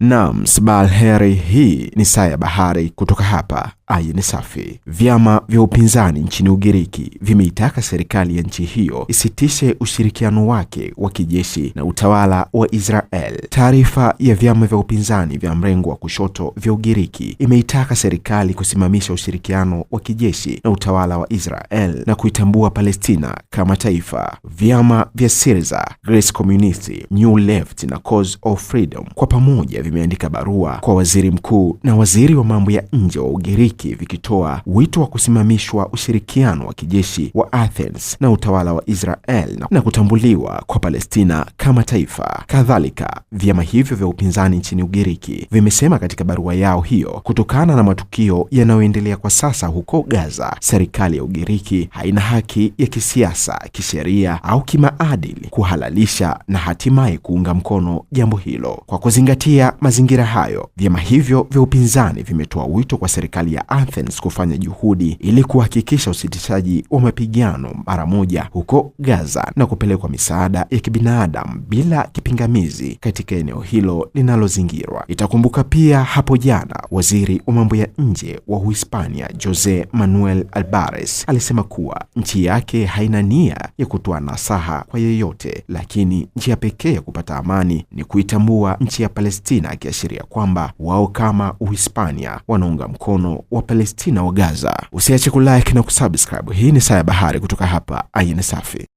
Naam, sabahari hii ni Saa ya Bahari kutoka hapa aje ni safi. Vyama vya upinzani nchini Ugiriki vimeitaka serikali ya nchi hiyo isitishe ushirikiano wake wa kijeshi na utawala wa Israel. Taarifa ya vyama vya upinzani vya mrengo wa kushoto vya Ugiriki imeitaka serikali kusimamisha ushirikiano wa kijeshi na utawala wa Israel na kuitambua Palestina kama taifa. Vyama vya Syriza, Greece Communist, New Left na Cause of Freedom kwa pamoja vimeandika barua kwa waziri mkuu na waziri wa mambo ya nje wa Ugiriki Ugiriki vikitoa wito wa kusimamishwa ushirikiano wa kijeshi wa Athens na utawala wa Israel na kutambuliwa kwa Palestina kama taifa. Kadhalika, vyama hivyo vya upinzani nchini Ugiriki vimesema katika barua yao hiyo, kutokana na matukio yanayoendelea kwa sasa huko Gaza, serikali ya Ugiriki haina haki ya kisiasa, kisheria au kimaadili kuhalalisha na hatimaye kuunga mkono jambo hilo. Kwa kuzingatia mazingira hayo, vyama hivyo vya upinzani vimetoa wito kwa serikali ya Athens kufanya juhudi ili kuhakikisha usitishaji wa mapigano mara moja huko Gaza na kupelekwa misaada ya kibinadamu bila kipingamizi katika eneo hilo linalozingirwa. Itakumbuka pia hapo jana waziri wa mambo ya nje wa Uhispania Jose Manuel Albares alisema kuwa nchi yake haina nia ya kutoa nasaha kwa yeyote, lakini njia pekee ya kupata amani ni kuitambua nchi ya Palestina, akiashiria kwamba wao kama Uhispania wanaunga mkono wa wa Palestina wa Gaza. Usiache kulike na kusubscribe. Hii ni Saa ya Bahari kutoka hapa Ayin Safi.